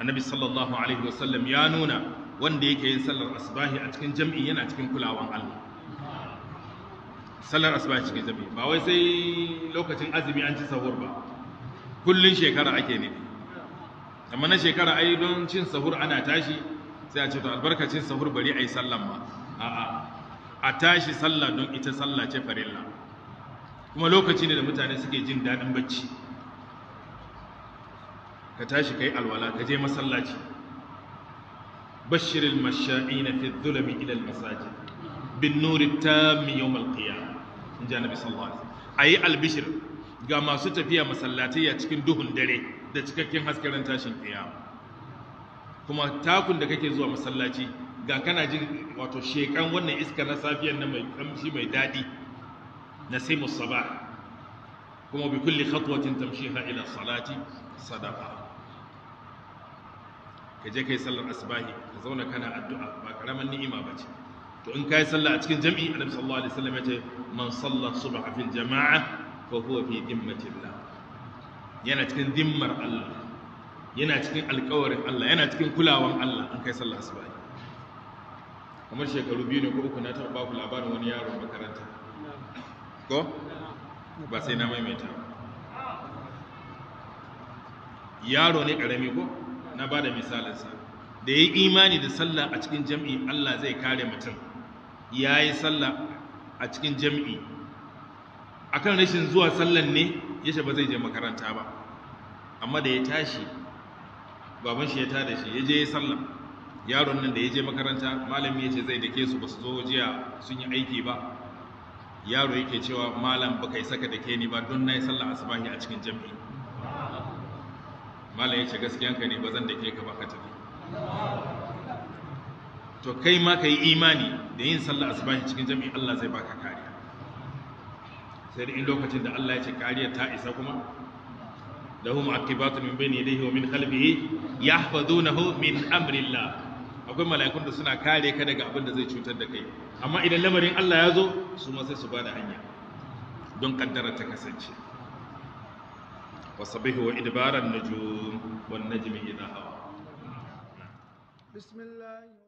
annabi sallallahu alaihi wasallam ya nuna wanda yake yin sallar asbahi a cikin jam'i yana cikin kulawan Allah sallar asbahi cikin jam'i ba wai sai lokacin azumi an ci sahur ba kullun shekara ake ne amma na shekara ai don cin sahur ana tashi sai a ce to albarkacin sahur bari ai sallan ma a'a a tashi sallah don ita sallah ce farilla kuma lokaci ne da mutane suke jin daɗin bacci ka tashi kai alwala ka je masallaci bashiril masha'ina fi dhulami ila al masajid bin nuri ta yawm al in ji annabi sallallahu alaihi wasallam ayi albishir ga masu tafiya masallatai a cikin duhun dare da cikakken hasken tashin qiyam kuma takun da kake zuwa masallaci ga kana jin wato shekan wannan iska na safiyar na mai kamshi mai daɗi na sai musaba kuma bi kulli khatwatin tamshiha ila salati sadaqa ka je kai sallar asbahi ka zauna kana addu'a ba karaman ni'ima ba ce to in kai sallah a cikin jami'i annabi sallallahu alaihi wasallam ce man salla subha fil jama'a fa huwa fi dimmatillah yana cikin dimmar Allah yana cikin alƙawarin Allah yana cikin kulawan Allah in kai sallah asbahi kamar shekaru biyu ne ko uku na taɓa ba ku labarin wani yaro makaranta ko ba sai na maimaita yaro ne ƙarami ko na ba da misalinsa da ya yi imani da sallah a cikin jam'i Allah zai kare mutum ya yi sallah a cikin jam'i kan rashin zuwa sallan ne ya ba zai je makaranta ba amma da ya tashi baban shi ya tada shi ya je ya sallah yaron nan da ya je makaranta malami ya ce zai dake su ba su zo jiya sun yi aiki ba yaro yake cewa malam ba kai saka dake ni ba don na yi sallah asubahi a cikin jam'i malam ya ce gaskiyanka ne ba zan dake ka ba ka to kai ma ka yi imani da yin sallah asubahi cikin jami'i Allah zai baka kariya sai da in lokacin da Allah ya ce kariya ta isa kuma lahu mu'aqibatu min bayni yadayhi wa min khalfihi yahfazunahu min amrillah akwai mala'ikun da suna kare ka daga abin da zai cutar da kai amma idan lamarin Allah ya zo su ma sai su bada hanya don kaddara ta kasance وصبه وإدبار النجوم والنجم إذا هوى بسم الله